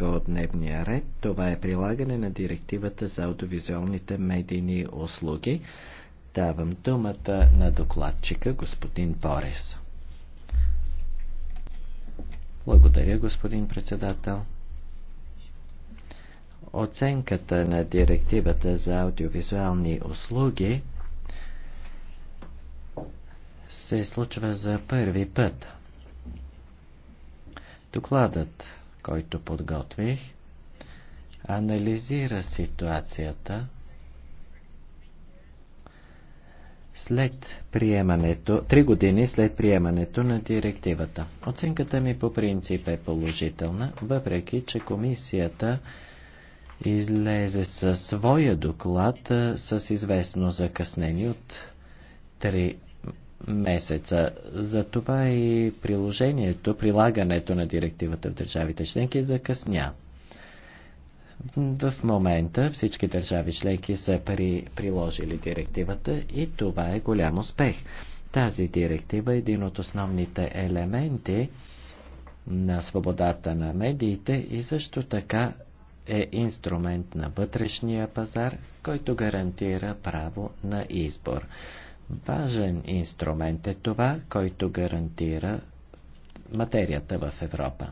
точка от дневния ред. Това е прилагане на директивата за аудиовизуалните медийни услуги. Давам думата на докладчика господин Борис. Благодаря, господин председател. Оценката на директивата за аудиовизуални услуги се случва за първи път. Докладът който подготвих, анализира ситуацията след приемането, три години след приемането на директивата. Оценката ми по принцип е положителна, въпреки че комисията излезе със своя доклад с известно закъснение от 3 месеца. Затова и приложението, прилагането на директивата в държавите членки е закъсня. В момента всички държави членки са при, приложили директивата и това е голям успех. Тази директива е един от основните елементи на свободата на медиите и също така е инструмент на вътрешния пазар, който гарантира право на избор. Важен инструмент е това, който гарантира материята в Европа.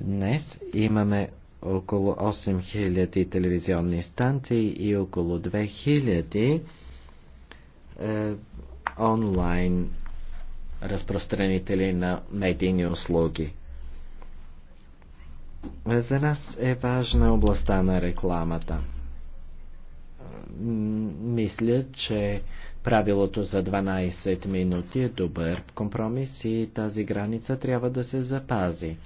Днес имаме около 8000 телевизионни станции и около 2000 е, онлайн разпространители на медийни услуги. За нас е важна областта на рекламата. Мисля, че Правилото за 12 минути е добър компромис и тази граница трябва да се запази.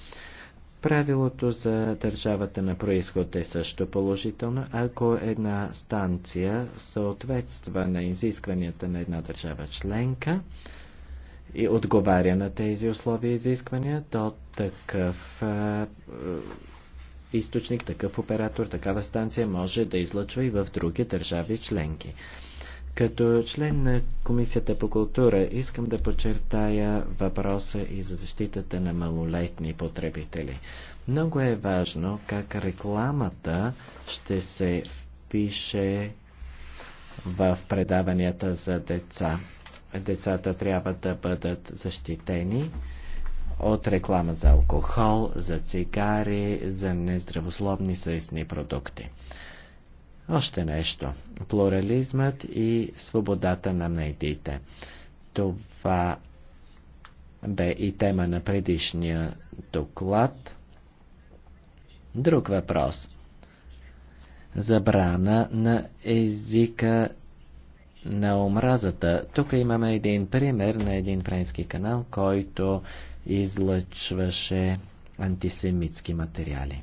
Правилото за държавата на происход е също положително, ако една станция съответства на изискванията на една държава членка и отговаря на тези условия и изисквания, то такъв е, източник, такъв оператор, такава станция може да излъчва и в други държави членки. Като член на Комисията по култура искам да подчертая въпроса и за защитата на малолетни потребители. Много е важно как рекламата ще се впише в предаванията за деца. Децата трябва да бъдат защитени от реклама за алкохол, за цигари, за нездравословни съестни продукти. Още нещо. Плурализмът и свободата на медиите. Това бе и тема на предишния доклад. Друг въпрос. Забрана на езика на омразата. Тук имаме един пример на един френски канал, който излъчваше антисемитски материали.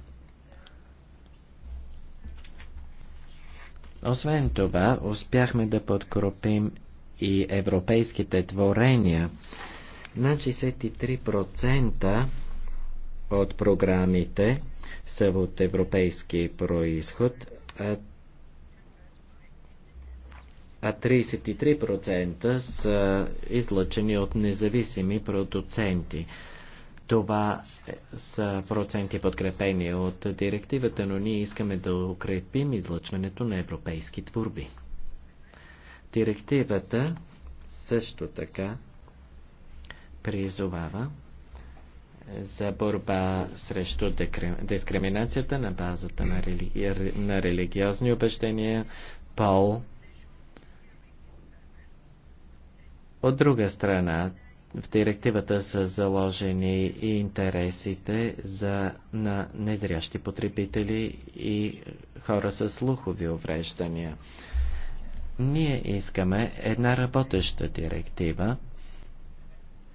Освен това, успяхме да подкрепим и европейските творения. На 63% от програмите са от европейски происход, а 33% са излъчени от независими продуценти. Това са проценти подкрепени от директивата, но ние искаме да укрепим излъчването на европейски творби. Директивата също така призовава за борба срещу дискриминацията на базата на, рели... на религиозни убеждения, пол. От друга страна, в директивата са заложени и интересите за, на незрящи потребители и хора с слухови увреждания. Ние искаме една работеща директива.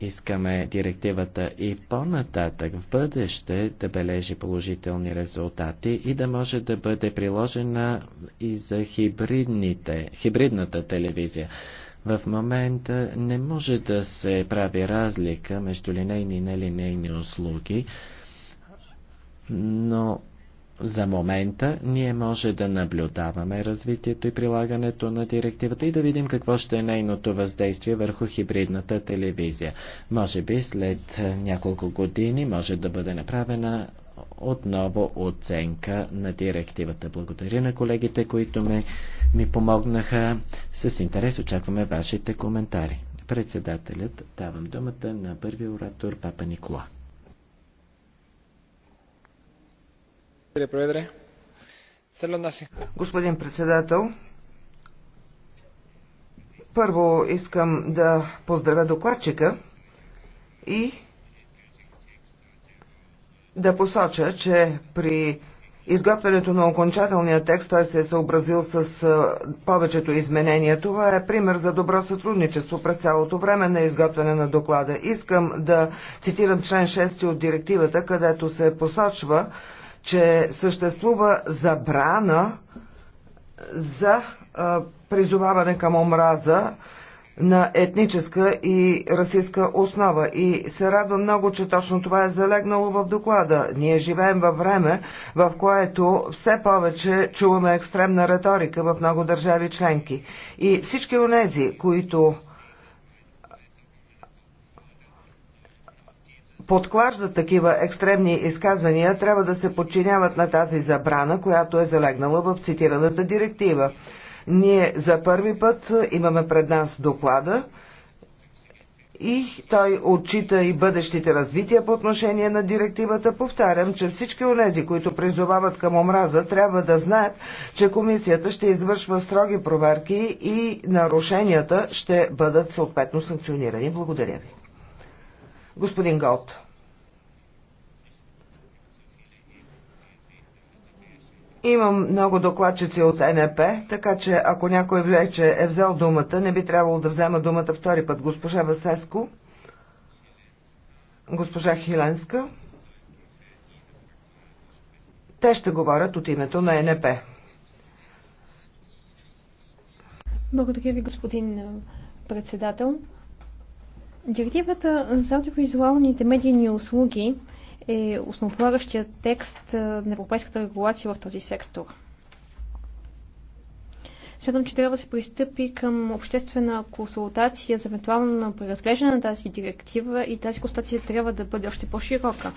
Искаме директивата и по-нататък в бъдеще да бележи положителни резултати и да може да бъде приложена и за хибридните, хибридната телевизия. В момента не може да се прави разлика между линейни и нелинейни услуги, но за момента ние може да наблюдаваме развитието и прилагането на директивата и да видим какво ще е нейното въздействие върху хибридната телевизия. Може би след няколко години може да бъде направена отново оценка на директивата. Благодаря на колегите, които ме, ми помогнаха. С интерес очакваме вашите коментари. Председателят давам думата на първи оратор Папа Никола. Господин председател, първо искам да поздравя докладчика и да посоча, че при изготвянето на окончателния текст той се е съобразил с повечето изменения. Това е пример за добро сътрудничество през цялото време на изготвяне на доклада. Искам да цитирам член 6 от директивата, където се посочва, че съществува забрана за призоваване към омраза на етническа и расистска основа. И се радва много, че точно това е залегнало в доклада. Ние живеем във време, в което все повече чуваме екстремна риторика в много държави членки. И всички онези, които подклаждат такива екстремни изказвания, трябва да се подчиняват на тази забрана, която е залегнала в цитираната директива. Ние за първи път имаме пред нас доклада и той отчита и бъдещите развития по отношение на директивата. Повтарям, че всички онези, които призовават към омраза, трябва да знаят, че комисията ще извършва строги проверки и нарушенията ще бъдат съответно санкционирани. Благодаря ви. Господин Голд. Имам много докладчици от НП, така че ако някой вече е взел думата, не би трябвало да взема думата втори път. Госпожа Васеско, госпожа Хиленска, те ще говорят от името на НП. Благодаря ви, господин председател. Директивата за аудиовизуалните медийни услуги е основополагащия текст е, на европейската регулация в този сектор. Смятам, че трябва да се пристъпи към обществена консултация за евентуално преразглеждане на тази директива и тази консултация трябва да бъде още по-широка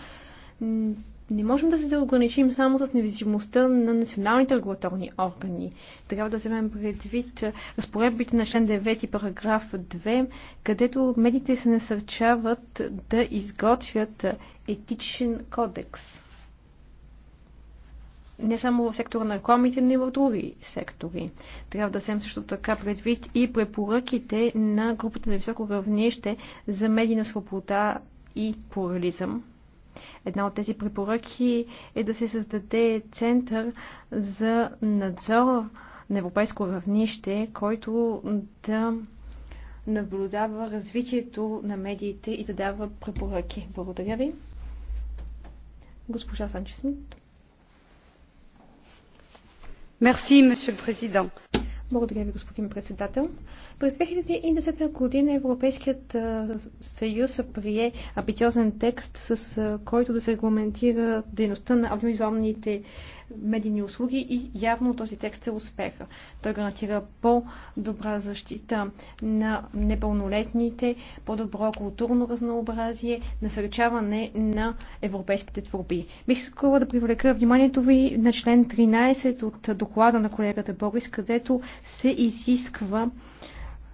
не можем да се ограничим само с невизимостта на националните регулаторни органи. Трябва да вземем предвид разпоредбите на член 9 параграф 2, където медиите се насърчават да изготвят етичен кодекс. Не само в сектора на рекламите, но и в други сектори. Трябва да вземем също така предвид и препоръките на групата на високо равнище за медийна свобода и плурализъм Една от тези препоръки е да се създаде център за надзор на европейско равнище, който да наблюдава развитието на медиите и да дава препоръки. Благодаря ви. Госпожа Санчесмит. Мерси, Merci, президент. Благодаря ви, господин председател. През 2010 година Европейският съюз прие амбициозен текст, с който да се регламентира дейността на аудиовизуалните медийни услуги и явно този текст е успеха. Той гарантира по-добра защита на непълнолетните, по-добро културно разнообразие, насърчаване на европейските творби. Бих искала да привлека вниманието ви на член 13 от доклада на колегата Борис, където се изисква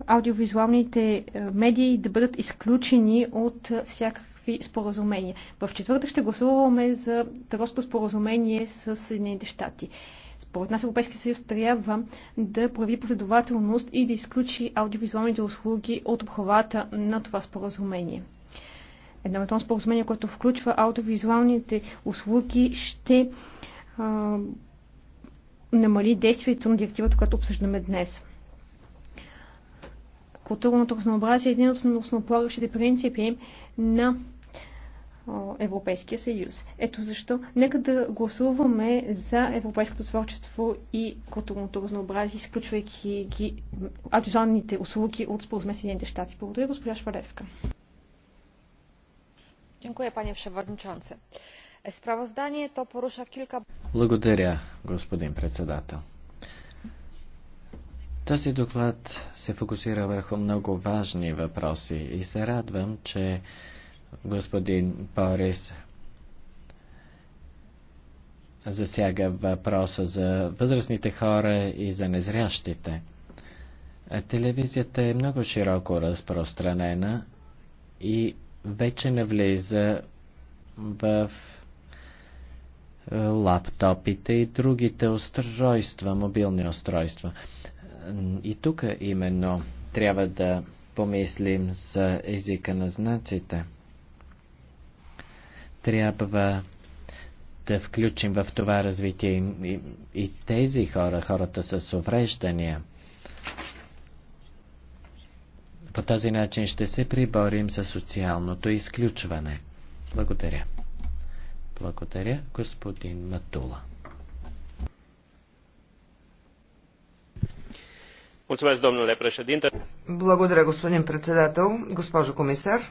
аудиовизуалните е, медии да бъдат изключени от всяка някакви споразумения. В четвъртък ще гласуваме за търговското споразумение с Съединените щати. Според нас Европейския съюз трябва да прояви последователност и да изключи аудиовизуалните услуги от обхвата на това споразумение. Едно споразумение, което включва аудиовизуалните услуги, ще а, намали действието на директивата, която обсъждаме днес. Културното разнообразие е един от основополагащите принципи на Европейския съюз. Ето защо нека да гласуваме за европейското творчество и културното разнообразие, изключвайки ги аудиозуалните услуги от споразуме Съединените щати. Благодаря, госпожа Швалеска. Dziękuję, panie przewodniczący. Sprawozdanie to porusza kilka... Благодаря, господин председател. Този доклад се фокусира върху много важни въпроси и се радвам, че господин Борис засяга въпроса за възрастните хора и за незрящите. Телевизията е много широко разпространена и вече навлиза в лаптопите и другите устройства, мобилни устройства. И тук именно трябва да помислим за езика на знаците трябва да включим в това развитие и, и тези хора, хората с увреждания. По този начин ще се приборим за социалното изключване. Благодаря. Благодаря, господин Матула. Благодаря, господин председател, госпожо комисар.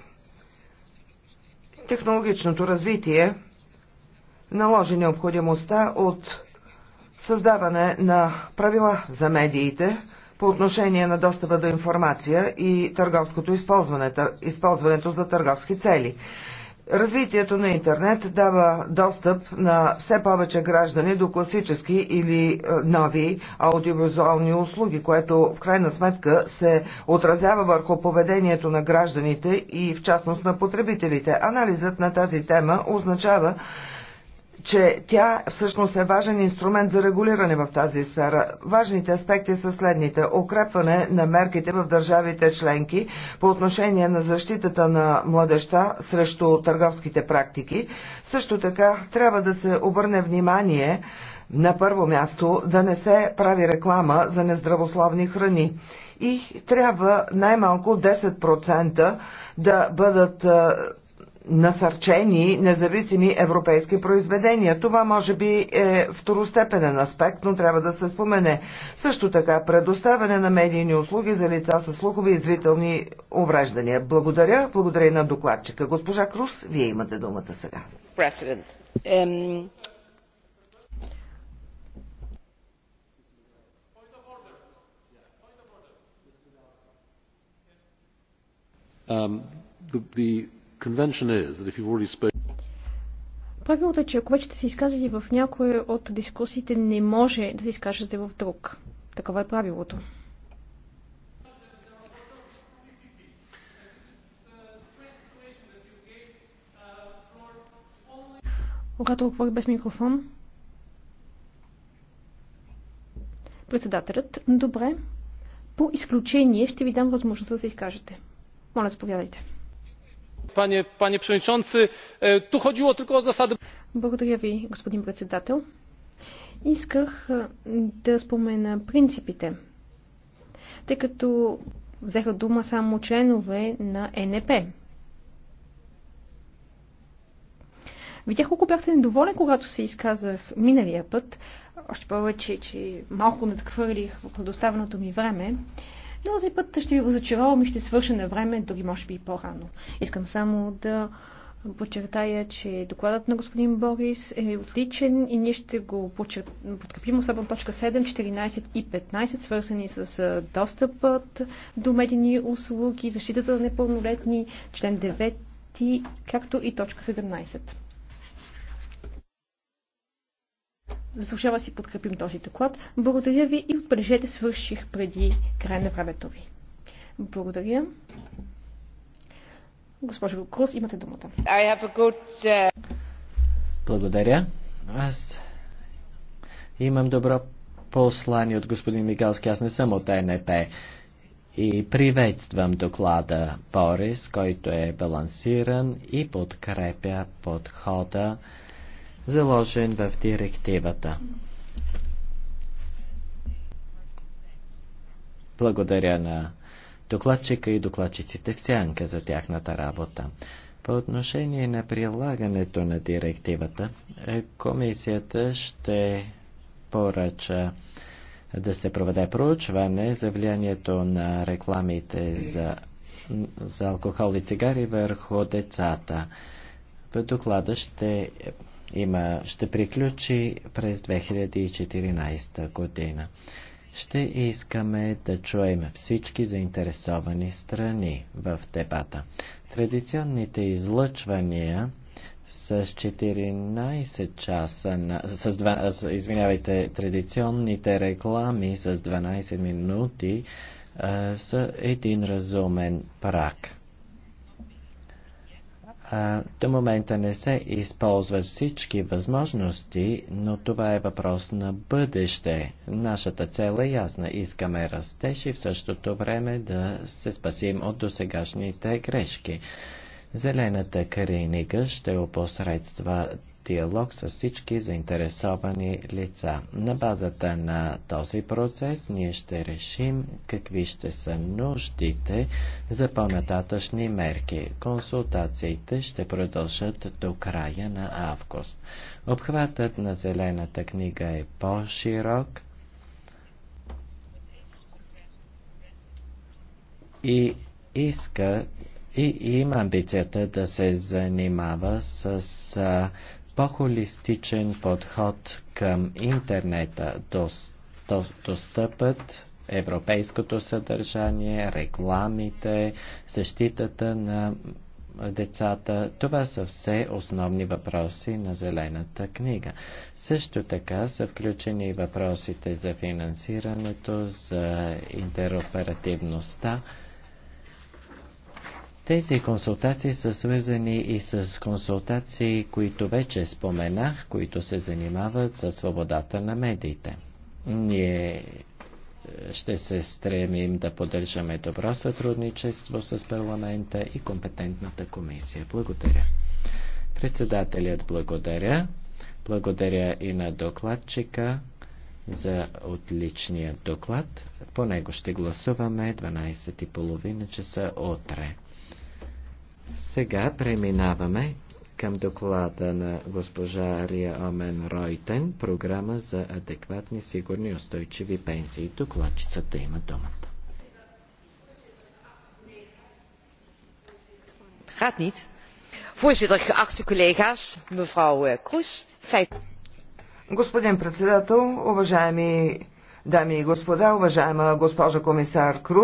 Технологичното развитие наложи необходимостта от създаване на правила за медиите по отношение на достъпа до информация и търговското използването, използването за търговски цели. Развитието на интернет дава достъп на все повече граждани до класически или е, нови аудиовизуални услуги, което в крайна сметка се отразява върху поведението на гражданите и в частност на потребителите. Анализът на тази тема означава, че тя всъщност е важен инструмент за регулиране в тази сфера. Важните аспекти са следните. Укрепване на мерките в държавите членки по отношение на защитата на младеща срещу търговските практики. Също така трябва да се обърне внимание на първо място да не се прави реклама за нездравословни храни и трябва най-малко 10% да бъдат насърчени независими европейски произведения. Това може би е второстепенен аспект, но трябва да се спомене. Също така предоставяне на медийни услуги за лица с слухови и зрителни увреждания. Благодаря. Благодаря и на докладчика. Госпожа Крус, вие имате думата сега. Um, the, the Правилото е, че ако вече сте се изказали в някоя от дискусиите, не може да се изкажете в друг. Такова е правилото. Когато говори без микрофон. Председателят. Добре. По изключение ще ви дам възможността да се изкажете. Моля, заповядайте panie przewodniczący! E, tu chodziło tylko o zasady. Благодаря ви, господин председател. Исках е, да спомена принципите, тъй като взеха дума само членове на НП. Видях колко бяхте недоволен, когато се изказах миналия път, още повече, че малко надхвърлих в предоставеното ми време този път ще ви разочаровам и ще свърша на време, дори може би и по-рано. Искам само да подчертая, че докладът на господин Борис е отличен и ние ще го подкрепим, особено точка 7, 14 и 15, свързани с достъпът до медийни услуги, защитата на непълнолетни, член 9, както и точка 17. заслужава си подкрепим този доклад. Благодаря ви и отбележете свърших преди край на времето ви. Благодаря. Госпожо Крус, имате думата. Good... Uh, Благодаря. Аз имам добро послание от господин Мигалски. Аз не съм от ЕНП. И приветствам доклада Борис, който е балансиран и подкрепя подхода заложен в директивата. Благодаря на докладчика и докладчиците в сянка за тяхната работа. По отношение на прилагането на директивата, е, комисията ще поръча да се проведе проучване за влиянието на рекламите за, за алкохол и цигари върху децата. В Доклада ще има, ще приключи през 2014 година. Ще искаме да чуем всички заинтересовани страни в дебата. Традиционните излъчвания с 14 часа на, с 2, извинявайте, традиционните реклами с 12 минути са един разумен прак а, до момента не се използват всички възможности, но това е въпрос на бъдеще. Нашата цел е ясна. Искаме растеж и в същото време да се спасим от досегашните грешки. Зелената Каринига ще опосредства диалог с всички заинтересовани лица. На базата на този процес ние ще решим какви ще са нуждите за по-нататъчни мерки. Консултациите ще продължат до края на август. Обхватът на зелената книга е по-широк и иска и, има амбицията да се занимава с а, по-холистичен подход към интернета, достъпът, европейското съдържание, рекламите, защитата на децата. Това са все основни въпроси на Зелената книга. Също така са включени въпросите за финансирането, за интероперативността. Тези консултации са свързани и с консултации, които вече споменах, които се занимават със свободата на медиите. Ние е, ще се стремим да поддържаме добро сътрудничество с парламента и компетентната комисия. Благодаря. Председателят благодаря. Благодаря и на докладчика за отличния доклад. По него ще гласуваме 12.30 часа утре. Сега преминаваме към доклада на госпожа Ария Омен Ройтен, програма за адекватни, сигурни, и устойчиви пенсии. Докладчицата има думата. Gaat niet. Voorzitter, geachte collega's, mevrouw eh, Kroes, Господин председател, уважаеми дами и господа, уважаема госпожа комисар Круз,